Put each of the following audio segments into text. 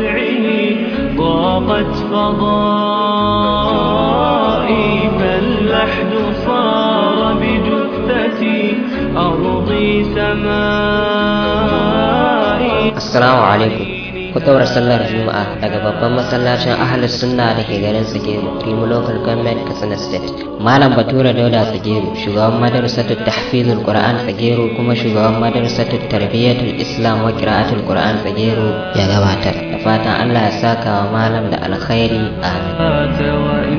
وسعه ضاقت فضائي فاللحد صار بجثتي أرضي سمائي السلام عليكم ku sallar juma'a daga babban masallacin ahalus sunna da ke garin tsageru rimu local government katsina state malam batura dauda tsageru shugaban madarasatu tahfizul qur'an tsageru kuma shugaban madarasatu tarbiyyatul islam wa qira'atul qur'an tsageru ya gabatar da fatan allah ya saka wa malam da alkhairi amin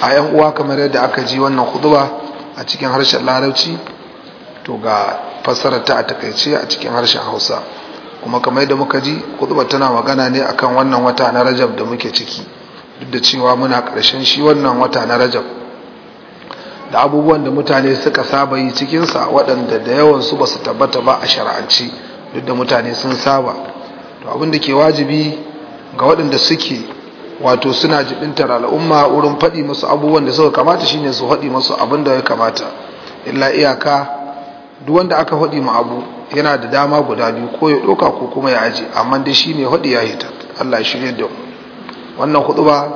a yan uwa kamar yadda aka ji wannan huduba a cikin harshen larabci to ga fassara ta a takaice a cikin harshen hausa kuma kamar yadda muka ji huduba tana magana ne akan wannan wata na rajab da muke ciki duk da cewa muna karshen shi wannan wata na rajab da abubuwan da mutane suka saba yi cikinsa waɗanda da yawansu ba su tabbata ba a shara'anci duk da mutane sun saba to abin da ke wajibi ga waɗanda suke wato suna jibintar al'umma wurin faɗi musu abubuwan da suka kamata shine su faɗi masu abin da ya kamata illa iyaka duk wanda aka faɗi mu abu yana da dama guda biyu ko ya ɗauka ko kuma ya aje amma dai shine faɗi ya hita Allah ya shirye da mu wannan huɗuba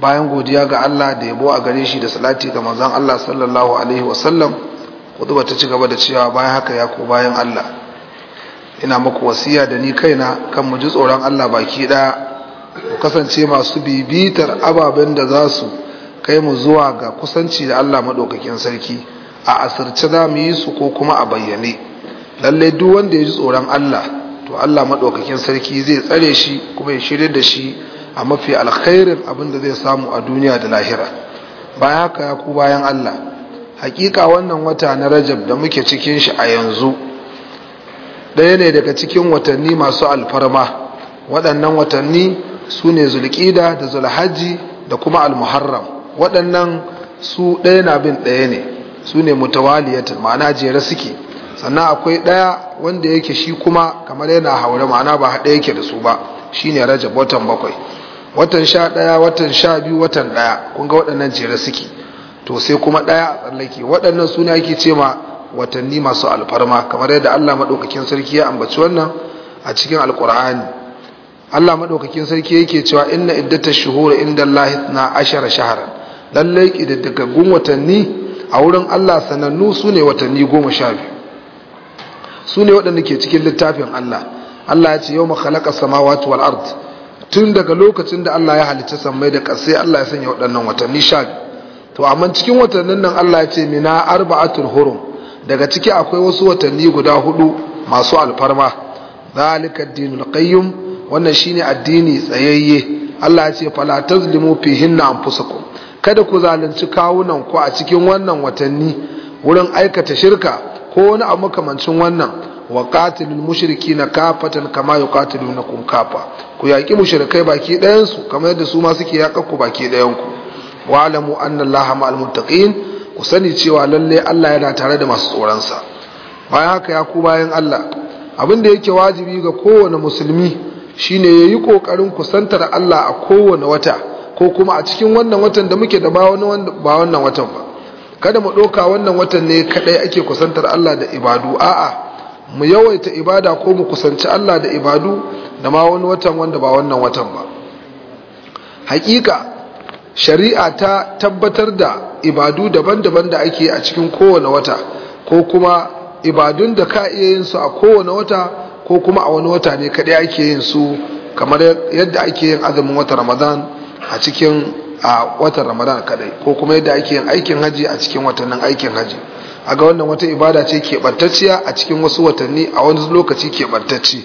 bayan godiya ga Allah da yabo a gare shi da salati ga manzon Allah sallallahu alaihi wasallam huɗuba ta ci gaba da cewa bayan haka ya ko bayan Allah ina muku wasiya da ni kaina kan mu ji tsoron Allah baki ɗaya ku kasance masu bibitar ababen da za su kai mu zuwa ga kusanci da Allah maɗaukakin sarki a asirce za mu yi su ko kuma a bayyane lallai duk wanda ya ji tsoron Allah to Allah maɗaukakin sarki zai tsare shi kuma ya shirya da shi a mafi alkhairin abin da zai samu a duniya da lahira bayan haka ya ku bayan Allah hakika wannan wata na Rajab da muke cikin shi a yanzu ɗaya ne daga cikin watanni masu alfarma waɗannan watanni su ne zulƙida da zulhaji, da kuma almuharram waɗannan su ɗaya na bin ɗaya ne su ne mutawaliyatul ma'ana jere suke sannan akwai ɗaya wanda yake shi kuma kamar yana haure ma'ana ba haɗe yake da su ba shi ne rajab watan bakwai watan sha ɗaya watan sha biyu watan ɗaya kun ga waɗannan jere suke to sai kuma ɗaya a tsallake waɗannan su ne ake ce ma watanni masu alfarma kamar yadda allah maɗaukakin sarki ya ambaci wannan a cikin alkur'ani Allah madaukakin sarki yake cewa inna inda Allah indallahi ashara shahran lalle kididdigaggun watanni a wurin Allah sanannu sune watanni 12 sune waɗanda ke cikin littafin Allah Allah ya ce yawma khalaqa samawati wal ard tun daga lokacin da Allah ya halicci sammai da ƙasa Allah ya sanya waɗannan watanni 12 to amma cikin watannin nan Allah ya ce mina arba'atul hurum daga ciki akwai wasu watanni guda hudu masu alfarma zalika dinul qayyim wannan shine addini tsayayye Allah ya ce fala tazlimu fihinna anfusakum kada ku zalunci kawunan ku a cikin wannan watanni wurin aikata shirka ko wani abu makamancin wannan wa qatilul mushrikina kafatan kama yuqatilunakum kafa ku yaki mushrikai baki ɗayan su kamar yadda su ma suke yaƙa ku baki ɗayan ku wa alamu anna ma'al muttaqin ku sani cewa lalle Allah yana tare da masu tsoron sa bayan haka ya ku bayan Allah abin da yake wajibi ga kowane musulmi shine yayi kokarin kusantar Allah a kowane wata ko kuma a cikin wannan watan da muke da ba wannan watan ba kada mu ɗauka wannan watan ne kadai ake kusantar Allah da ibadu a'a mu yawaita ibada ko mu kusanci Allah da ibadu da ma wani watan wanda ba wannan watan ba hakika shari'a ta tabbatar da ibadu daban-daban da ake a cikin kowane wata ko kuma ibadun da ka iya yin su a kowane wata ko kuma a wani wata ne kaɗai ake yin su kamar yadda ake yin azumin watan ramadan a cikin a watan ramadan kaɗai ko kuma yadda ake yin aikin haji a cikin watannin aikin haji a ga wannan wata ibada ce ke keɓantacciya a cikin wasu watanni a wani lokaci keɓantacci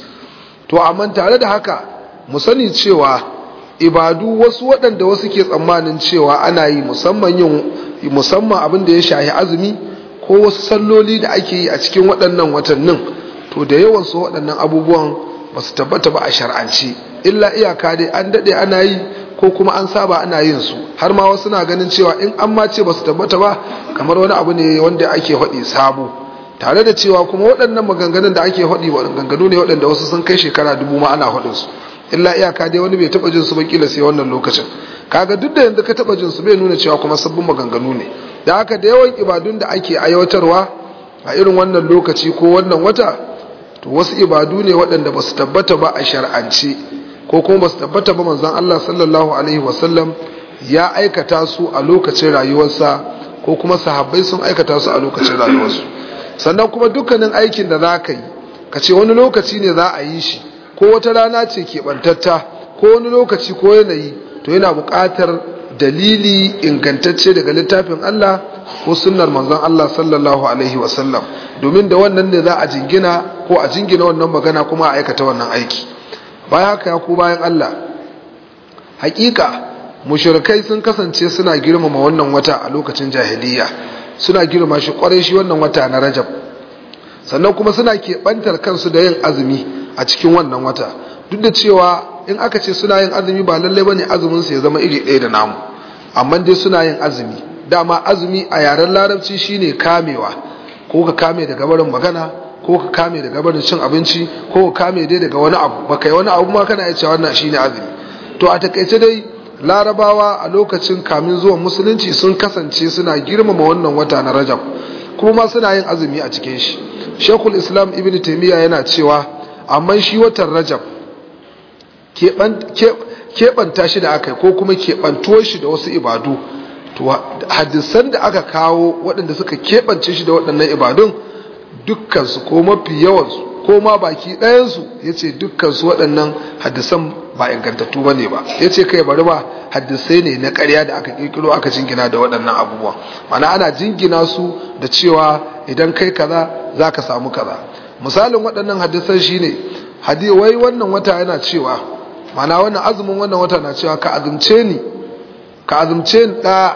to amma tare da haka mu sani cewa ibadu wasu waɗanda wasu ke tsammanin cewa ana yi musamman yin musamman abin da ya shahi azumi ko wasu salloli da ake yi a cikin waɗannan watannin to da yawan su waɗannan abubuwan ba su tabbata ba a shar'anci illa iyaka dai an daɗe ana yi ko kuma an saba ana yin su har ma wasu na ganin cewa in an ma ce ba su tabbata ba kamar wani abu ne wanda ake haɗe sabo tare da cewa kuma waɗannan maganganun da ake haɗi maganganu ne waɗanda wasu sun kai shekara dubu ma ana haɗin su illa iyaka dai wani bai taɓa jin su ba kila sai wannan lokacin kaga duk da yanzu ka taɓa jin su bai nuna cewa kuma sabbin maganganu ne da haka da yawan ibadun da ake aiwatarwa a irin wannan lokaci ko wannan wata to wasu ibadu ne waɗanda ba su tabbata ba a shar'ance ko kuma ba su tabbata ba manzan Allah sallallahu alaihi wasallam ya aikata su a lokacin rayuwarsa ko kuma sahabbai sun aikata su a lokacin rayuwarsu sannan kuma dukkanin aikin da za ka yi ka ce wani lokaci ne za a yi shi ko wata rana ce keɓantatta ko wani lokaci ko yanayi to yana buƙatar dalili ingantacce daga littafin Allah ko sunnar manzon Allah sallallahu alaihi wasallam domin da wannan ne za a jingina ko a jingina wannan magana kuma a aikata wannan aiki baya haka ya ku bayan Allah hakika mushrikai sun kasance suna girmama wannan wata a lokacin jahiliya suna girma shi kwarai shi wannan wata na Rajab sannan kuma suna keɓantar kansu da yin azumi a cikin wannan wata duk da cewa in aka ce suna yin azumi ba lallai bane azumin su ya zama iri ɗaya da namu amma dai suna yin azumi dama azumi a yaren larabci shine kamewa ko ka kame daga barin magana ko ka kame daga barin cin abinci ko ka kame dai daga wani abu baka yi wani abu ma kana iya cewa wannan shine azumi to a takaice dai larabawa a lokacin kamin zuwan musulunci sun kasance suna girmama wannan wata na rajab kuma ma suna yin azumi a cikin shi shekul islam ibn taimiyya yana cewa amma shi watan rajab keɓanta shi da aka yi ko kuma keɓantuwar shi da wasu ibadu to hadisan da aka kawo waɗanda suka keɓance shi da waɗannan ibadun dukkansu ko mafi yawansu ko ma baki ɗayansu ya ce dukkansu waɗannan hadisan ba ingantattu ba ne ba ya ce kai bari ba hadisai ne na karya da aka ƙirƙiro aka jingina da waɗannan abubuwan mana ana jingina su da cewa idan kai kaza za ka samu kaza misalin waɗannan hadisan shine wai wannan wata yana cewa mana wannan azumin wannan wata na cewa ka azumce ni ka azumce ni da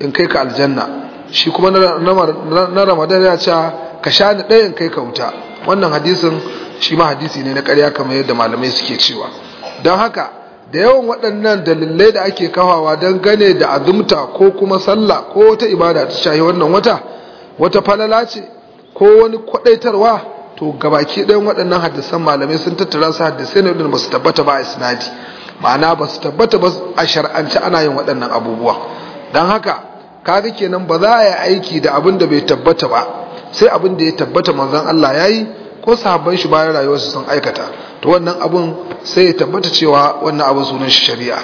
in kai ka aljanna shi kuma na ramadan ya cewa ka sha ni ɗaya in kai ka wuta wannan hadisin shi ma hadisi ne na ƙarya kamar yadda malamai suke cewa don haka da yawan waɗannan dalilai da ake kawawa don gane da azumta ko kuma sallah ko wata ibada ta shahi wannan wata wata falala ce ko wani kwaɗaitarwa to gabaki ɗayan waɗannan hadisan malamai sun tattara su hadisai ne waɗanda ba su tabbata ba a isnadi ma'ana ba su tabbata ba a shar'anci ana yin waɗannan abubuwa don haka kaga kenan ba za a yi aiki da abin da bai tabbata ba sai abin da ya tabbata manzon Allah ya yi, ko sahabban shi bayan rayuwarsu sun aikata to wannan abun sai ya tabbata cewa wannan abin sunan shi shari'a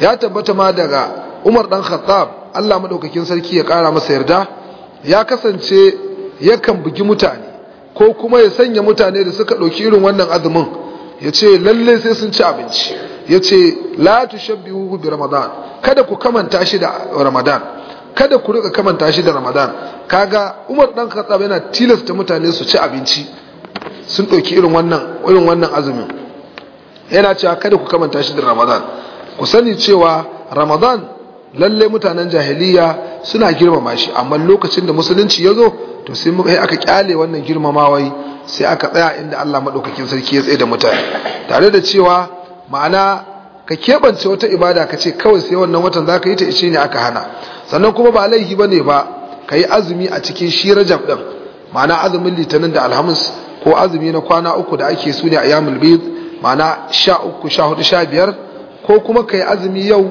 ya tabbata ma daga Umar dan Khattab Allah madaukakin sarki ya kara masa yarda ya kasance yakan bugi mutane ko kuma ya sanya mutane da suka ɗauki irin wannan azumin ya ce lalle sai sun ci abinci ya ce shabbi hu bi ramadan kada ku kamanta shi da ramadan kada ku rika kamanta shi da ramadan kaga Umar dan Khattab yana tilasta mutane su ci abinci sun ɗauki irin wannan irin wannan azumin yana cewa kada ku kamanta shi da ramadan ku sani cewa ramadan lalle mutanen jahiliya suna girmama shi amma lokacin da musulunci ya zo to sai muka yi aka kyale wannan girmamawai sai aka tsaya inda Allah madaukakin sarki ya tsaye da mutane tare da cewa ma'ana ka keɓance wata ibada ka ce kawai sai wannan watan za ka yi ta ishe ne aka hana sannan kuma ba laihi ba ne ba ka yi azumi a cikin shi rajab ɗin ma'ana azumin litinin da alhamis ko azumi na kwana uku da ake su ne a yamul bid ma'ana sha uku sha hudu sha biyar ko kuma ka yi azumi yau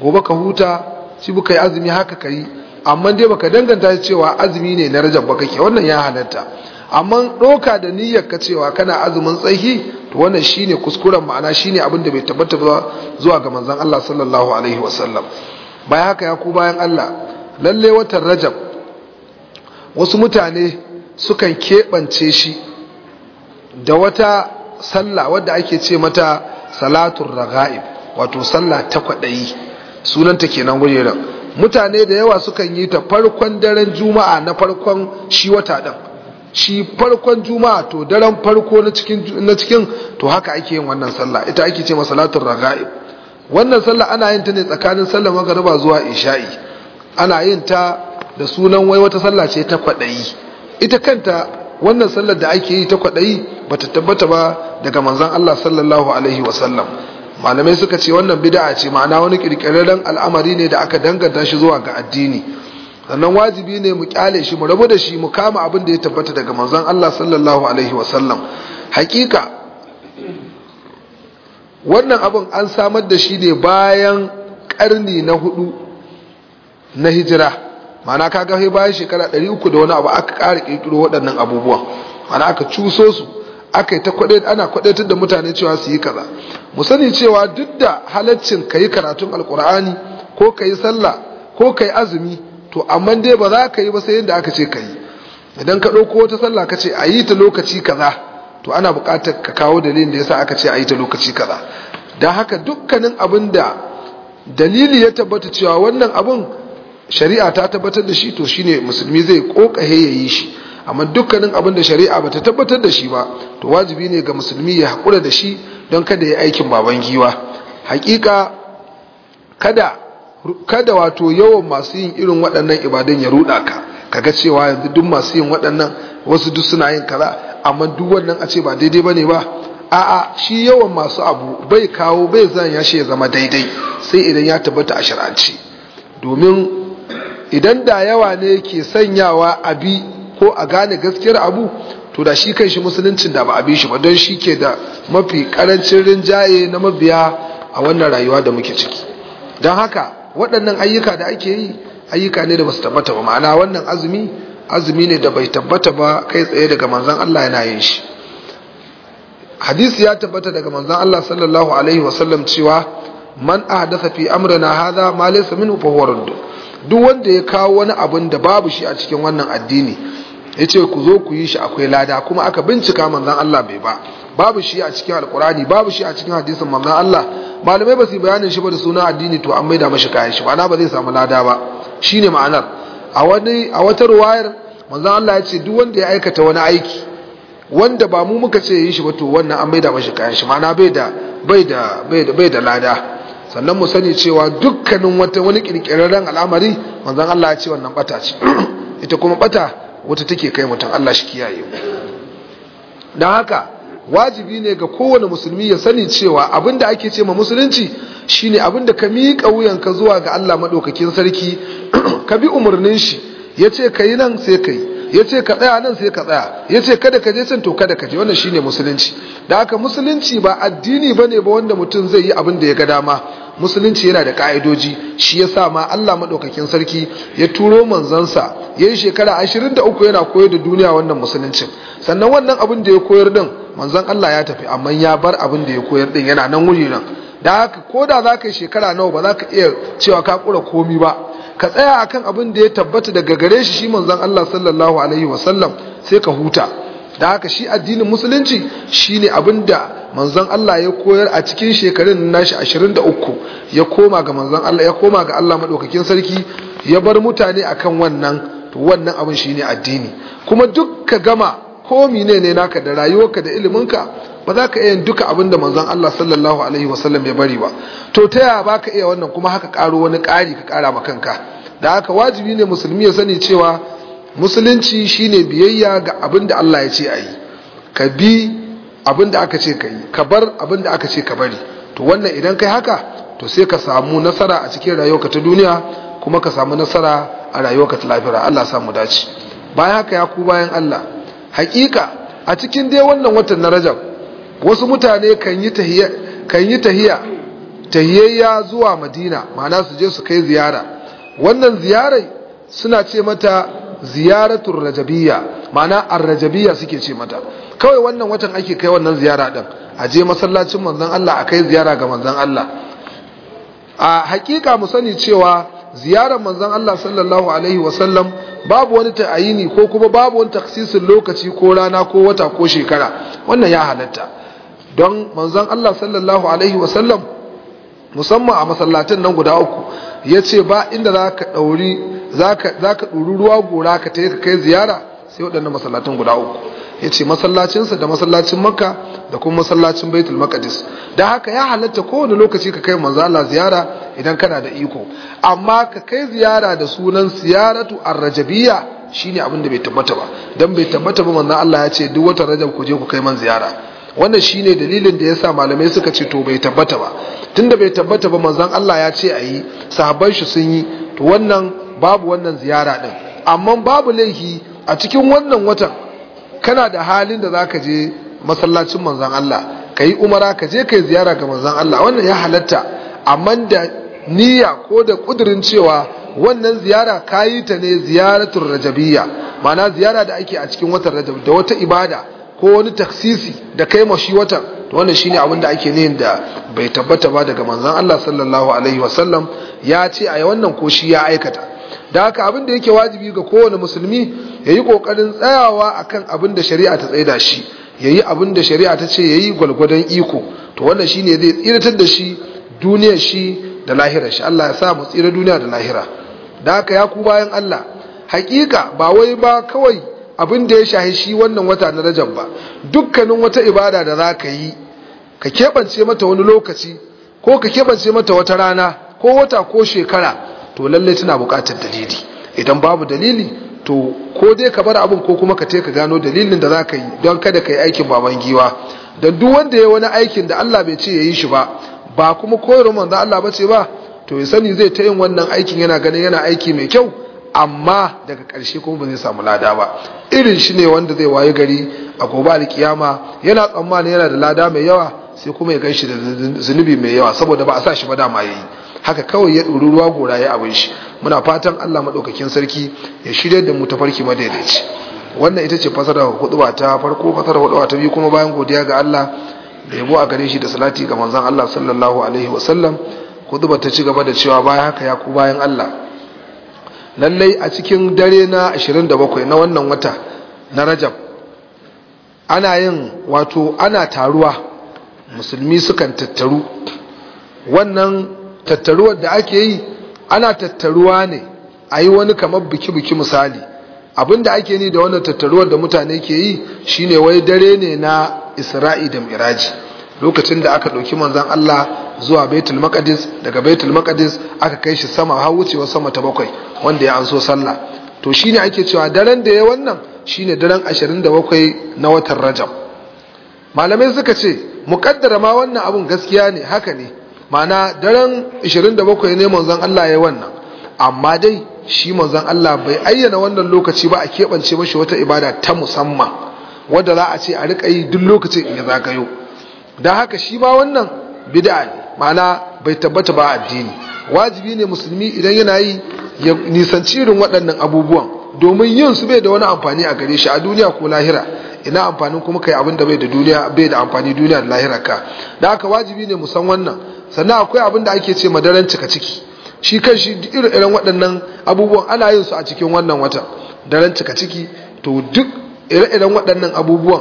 gobe ka huta shi ka yi azumi haka ka yi amma dai baka danganta cewa azumi ne na rajab ba kake wannan ya halatta amma doka da niyyar ka cewa kana azumin tsaki to wannan shine kuskuren ma'ana shine abin da bai tabbata ba zuwa ga manzon Allah sallallahu alaihi wasallam bayan haka ya ku bayan Allah lalle watan rajab wasu mutane sukan keɓance shi da wata sallah wadda ake ce mata salatun raga'ib wato sallah ta kwaɗayi sunanta kenan gujeran mutane da yawa sukan yi ta farkon daren juma'a na farkon shi wata shi farkon juma'a to daren farko na cikin to haka ake yin wannan sallah ita ake ce masalatun raga'ib wannan sallah ana yin ta ne tsakanin sallar magariba zuwa isha'i ana yin ta da sunan wai wata sallah ce ta kwaɗayi ita kanta wannan sallar da ake yi ta kwaɗayi bata tabbata ba daga manzon Allah sallallahu alaihi wasallam malamai suka ce wannan bida'a ce ma'ana wani kirkirarren al'amari ne da aka danganta shi zuwa ga addini sannan wajibi ne mu kyale shi mu rabu da shi mu kama abin da ya tabbata daga manzon Allah sallallahu alaihi wa Sallam. hakika wannan abin an samar da shi ne bayan karni na hudu na hijira ma'ana kaga sai bayan shekara 300 da wani abu aka ƙara kirkiro waɗannan abubuwa ma'ana aka cuso su aka yi ta ana kwadaitar da mutane cewa su yi kaza mu sani cewa duk da halaccin ka yi karatun alkur'ani ko ka yi sallah ko ka yi azumi to amma dai ba za ka yi ba sai yadda aka ce ka yi idan ka ɗauko wata sallah ka ce a yi ta lokaci kaza to ana buƙatar ka kawo dalilin da yasa aka ce a yi ta lokaci kaza don haka dukkanin abin da dalili ya tabbata cewa wannan abin shari'a ta tabbatar da shi to shine musulmi zai ƙoƙahe ya yi shi amma dukkanin abin da shari'a bata tabbatar da shi ba to wajibi ne ga musulmi ya haƙura da shi don kada ya yi aikin baban giwa hakika kada kada wato yawan masu yin irin waɗannan ibadan ya ruɗa ka kaga cewa yanzu duk masu yin waɗannan wasu duk suna yin kaza amma duk wannan a ce ba daidai bane ba a'a shi yawan masu abu bai kawo bai zan ya shi ya zama daidai sai idan ya tabbata a shar'anci domin idan da yawa ne ke sanyawa abi ko a gane gaskiyar abu to da shi kan shi musuluncin da ba a bi shi ba don shi ke da mafi karancin rinjaye na mabiya a wannan rayuwa da muke ciki don haka waɗannan ayyuka da ake yi ayyuka ne da ba su tabbata ba ma'ana wannan azumi azumi ne da bai tabbata ba kai tsaye daga manzan Allah yana yin shi hadisi ya tabbata daga manzan Allah sallallahu alaihi wasallam cewa man ahdatha fi amrina hadha ma laysa minhu fa huwa duk wanda ya kawo wani abin da babu shi a cikin wannan addini yace ku zo ku yi shi akwai lada kuma aka bincika manzon Allah bai ba babu shi a cikin alkurani babu shi a cikin hadisin manzon Allah malamai ba su bayanin shi ba da suna addini to an maida mashi kayan shi na ba zai samu lada ba shine ma'anar a wata ruwayar manzon Allah ya ce duk wanda ya aikata wani aiki wanda ba mu muka ce yi shi ba to wannan an maida mashi kayan shi ma'ana bai da bai da lada sannan mu sani cewa dukkanin wata wani kirkirarren al'amari manzon Allah ya ce wannan bata ce ita kuma bata wata take kai mutum Allah shi kiyaye mu dan haka wajibi ne ga kowane musulmi ya sani cewa abinda ake ce ma musulunci shine abinda ka miƙa wuyanka zuwa ga Allah madaukakin sarki ka bi umarnin shi yace kai nan sai kai yace ka tsaya nan sai ka tsaya yace kada ka je can to kada ka je wannan shine musulunci da haka musulunci ba addini bane ba wanda mutum zai yi abin da ya ga dama musulunci yana da ka'idoji shi yasa ma Allah maɗaukakin sarki ya turo manzansa yi shekara 23 yana koyar da duniya wannan musuluncin sannan wannan abin da ya koyar din manzan Allah ya tafi amma ya bar abin da ya koyar din yana nan wuri nan da haka ka zaka shekara nawa ba za ka iya cewa ka kura komi ba ka tsaya akan abin da ya tabbata daga gare shi shi manzan Allah sallallahu alaihi wasallam sai ka huta da haka shi addinin musulunci shine abin da manzon Allah ya koyar a cikin shekarun nashi 23 ya koma ga manzon Allah ya koma ga Allah madaukakin sarki ya bar mutane akan wannan to wannan abin shine addini kuma duk ka gama ko menene naka da rayuwarka da iliminka ba za ka iya yin duka abin da manzon Allah sallallahu alaihi wasallam ya bari ba to ta ya ba ka iya wannan kuma haka karo wani kari ka kara ma kanka da haka wajibi ne musulmi ya sani cewa musulunci shine biyayya ga abin da Allah ya ce a yi ka bi abinda aka ce ka yi ka bar abinda aka ce ka bari to wannan idan kai haka to sai ka samu nasara a cikin rayuwarka ta duniya kuma ka samu nasara a rayuwarka ta lafiya Allah ya samu dace bayan haka ya ku bayan Allah hakika a cikin dai wannan watan na Rajab wasu mutane kan yi tahiyya kan yi tahiyya tahiyayya zuwa Madina ma'ana su je su kai ziyara wannan ziyarai suna ce mata ziyaratul rajabiyya ma'ana ar-rajabiyya suke ce mata kawai wannan watan ake kai wannan ziyara din a je masallacin manzon Allah a kai ziyara ga manzan Allah a hakika mu sani cewa ziyarar manzon Allah sallallahu alaihi wasallam babu wani ta'ayini ko kuma babu wani taksisin lokaci ko rana ko wata ko shekara wannan ya halatta don manzon Allah sallallahu alaihi wasallam musamman a masallatin nan guda uku ya ce ba inda za ka ɗauri za ka ruwa gora ka ta ka kai ziyara sai waɗannan masallatan guda uku ya ce masallacinsa da masallacin makka da kuma masallacin baitul makadis da haka ya halatta kowane lokaci ka kai manzo ziyara idan kana da iko amma ka kai ziyara da sunan ziyaratu a rajabiya shine abin da bai tabbata ba don bai tabbata ba manzan Allah ya ce duk wata rajab ku je ku kai man ziyara wannan shine dalilin da ya sa malamai suka ce to bai tabbata ba tunda bai tabbata ba manzan Allah ya ce ayi sahabban shi sun yi to wannan babu wannan ziyara din amma babu laifi a cikin wannan watan kana da halin da za ka je masallacin manzan Allah Ka yi umara ka je ka yi ziyara ga manzan Allah wannan ya halatta amma da niyya ko da ƙudirin cewa wannan ziyara ka yi ta ne ziyaratun rajabiyya mana ziyara da ake a cikin watan rajab da wata ibada ko wani taksisi da kai mashi watan Wannan shi ne abin da ake nihin da bai tabbata ba daga manzan Allah sallallahu alaihi wasallam ya ce a yi wannan ko shi ya aikata da haka abin da yake wajibi ga kowane musulmi ya yi ƙoƙarin tsayawa akan abin da shari'a ta tsaida shi ya yi abin da shari'a ta ce ya yi gwalgwadon iko to wannan shine zai tsiratar da shi duniyar shi da lahira shi Allah ya sa mu tsira duniya da lahira da haka ya ku bayan Allah hakika ba wai ba kawai abin da ya shahi shi wannan wata na Rajab ba dukkanin wata ibada da za ka yi ka keɓance mata wani lokaci ko ka keɓance mata wata rana ko wata ko shekara to lalle tana bukatar dalili idan babu dalili to ko dai ka bar abin ko kuma ka ce ka gano dalilin da za ka yi don kada ka yi aikin baban giwa don duk wanda ya wani aikin da Allah bai ce ya yi shi ba ba kuma koyar da Allah bace ba to ya sani zai ta yin wannan aikin yana ganin yana aiki mai kyau amma daga ƙarshe kuma ba zai samu lada ba irin shi ne wanda zai wayi gari a gobe alkiyama yana tsammanin yana da lada mai yawa sai kuma ya shi da zunubi mai yawa saboda ba a sa shi ba dama yayi haka kawai ya ɗuru ruwa gora ya abin shi muna fatan Allah maɗaukakin sarki ya shirya da mu farki madaidaici wannan ita ce fasara hudu ta farko fasara hudu ta biyu kuma bayan godiya ga Allah da yabo a gare shi da salati ga manzon Allah sallallahu alaihi wasallam hudu ta ci gaba da cewa bayan haka ya ku bayan Allah lallai a cikin dare na 27 na wannan wata na Rajab ana yin wato ana taruwa musulmi sukan tattaru wannan tattaruwar da ake yi ana tattaruwa ne a yi wani kamar biki-biki misali abin da ake ni da wani tattaruwar da mutane ke yi shi ne wai dare ne na isra'i da miraji lokacin da aka ɗauki manzan Allah zuwa baitul makadis daga baitul makadis aka kai shi sama har wucewa sama ta bakwai wanda ya anso sallah to shine ake cewa daren da ya wannan shine daren 27 na watan rajab malamai suka ce muƙaddara ma wannan abun gaskiya ne haka ne mana daren 27 ne manzon Allah ya wannan amma dai shi manzon Allah bai ayyana wannan lokaci ba a keɓance mashi wata ibada ta musamman wadda za a ce a riƙa yi duk lokacin in ya zagayo don haka shi ba wannan bid'a ne ma'ana bai tabbata ba addini wajibi ne musulmi idan yana yi ya nisanci irin waɗannan abubuwan domin yin su bai da wani amfani a gare shi a duniya ko lahira ina amfanin kuma kai abin da bai da duniya bai da amfani duniya da lahira ka da haka wajibi ne mu san wannan sannan akwai abin da ake ce madaran cika ciki shi kan shi irin irin waɗannan abubuwan ana yin su a cikin wannan wata daren cika ciki to duk ire-iren waɗannan abubuwan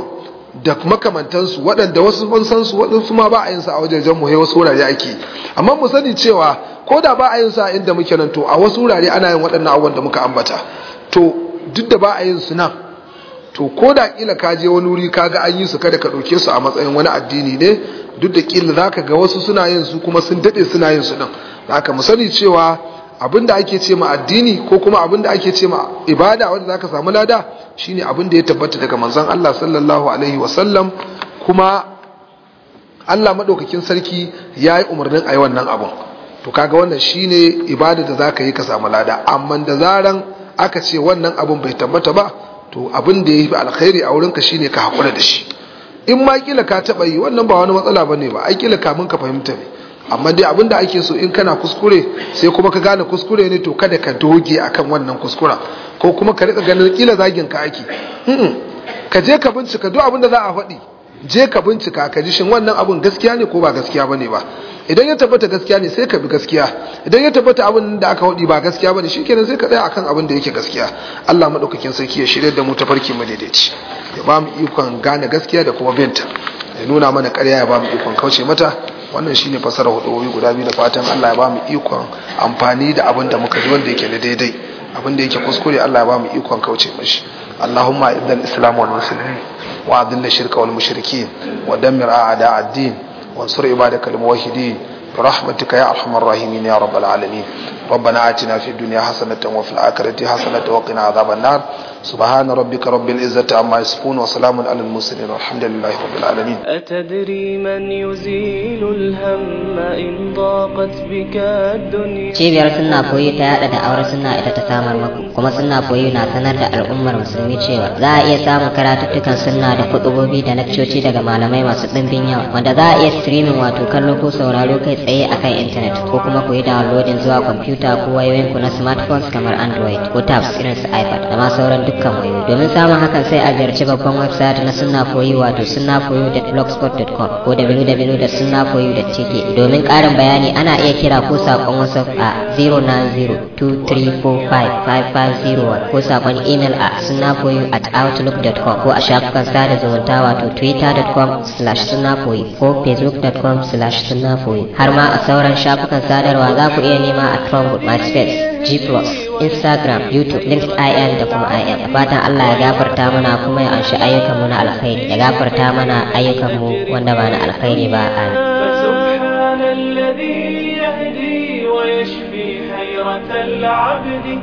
da makamantansu waɗanda wasu ban san su waɗansu ma ba a yin sa a wajajen mu wasu wurare ake amma mu sani cewa ko da ba a yin a inda muke nan to a wasu wurare ana yin waɗannan abubuwan da muka ambata to duk da ba a yin su nan to ko da kila ka je wani wuri ka ga an yi su kada ka ɗauke su a matsayin wani addini ne duk da kila za ka ga wasu suna yin su kuma sun daɗe suna yin su din. haka ka musani cewa abin da ake ce ma addini ko kuma abin da ake ce ma ibada wanda za ka samu lada shine abin da ya tabbata daga manzon Allah sallallahu alaihi wasallam kuma Allah maɗaukakin sarki ya yi umarnin a yi wannan abin to kaga wannan shine ibada da za ka yi ka samu lada amma da zaran aka ce wannan abun bai tabbata ba to abin da ya yi alkhairi a wurinka ne ka hakura da shi in ma kila ka taba yi wannan ba wani matsala bane ba ai kila kamun ka fahimta ne amma dai abin da ake so in kana kuskure sai kuma ka gane kuskure ne to kada ka doge akan wannan kuskura ko kuma ka rika ganin kila zagin ka ake ka je ka bincika duk abin da za a faɗi je ka bincika ka ji shin wannan abun gaskiya ne ko ba gaskiya bane ba idan ya tabbata gaskiya ne sai ka bi gaskiya idan ya tabbata abin da aka wadi ba gaskiya bane kenan sai ka tsaya akan abin da yake gaskiya Allah madaukakin sarki ya shirye da mu ta farki madaidaici ya ba mu ikon gane gaskiya da kuma binta ya nuna mana ƙarya ya ba mu ikon kauce mata wannan shine fasara hudubobi guda biyu da fatan Allah ya ba mu ikon amfani da abin da muka ji wanda yake na daidai abin da yake kuskure Allah ya ba mu ikon kauce mashi Allahumma izzal islam wal muslimin وأذل الشرك والمشركين ودمر أعداء الدين وانصر عبادك الموحدين برحمتك يا أرحم الراحمين يا رب العالمين ربنا آتنا في الدنيا حسنة وفي الآخرة حسنة وقنا عذاب النار سبحان ربك رب العزة عما يصفون وسلام على المرسلين والحمد لله رب العالمين أتدري من يزيل الهم إن ضاقت بك الدنيا cibiyar sunna koyi ta yada da aure suna ita ta samar maku kuma sunna koyi na sanar da al'ummar musulmi cewa za a iya samun karatuttukan sunna da kudubobi da lakcoci daga malamai masu ɗimbin yawa wanda za a iya streaming wato kallo ko sauraro kai tsaye akan intanet ko kuma koyi downloading zuwa kwamfuta ko wayoyinku na smartphones kamar android ko tabs irin su ipad da ma sauran duk dukkan wayoyi domin samun hakan sai a ziyarci babban website na sunna for koyi da blogspot.com ko www.sunnaforyou.tk domin karin bayani ana iya kira ko saƙon whatsapp a 09023455501 ko saƙon email a koyi at outlook.com ko a shafukan sada zumunta wato twitter.com slash koyi ko facebook.com slash koyi har ma a sauran shafukan sadarwa za ku iya nema a Trumpet MySpace G+, Instagram, YouTube, LinkedIn da kuma IM. Fatan Allah ya gafarta mana kuma ya anshi ayyukanmu na alkhairi, ya gafarta mana ayyukanmu wanda ba na alkhairi ba amin.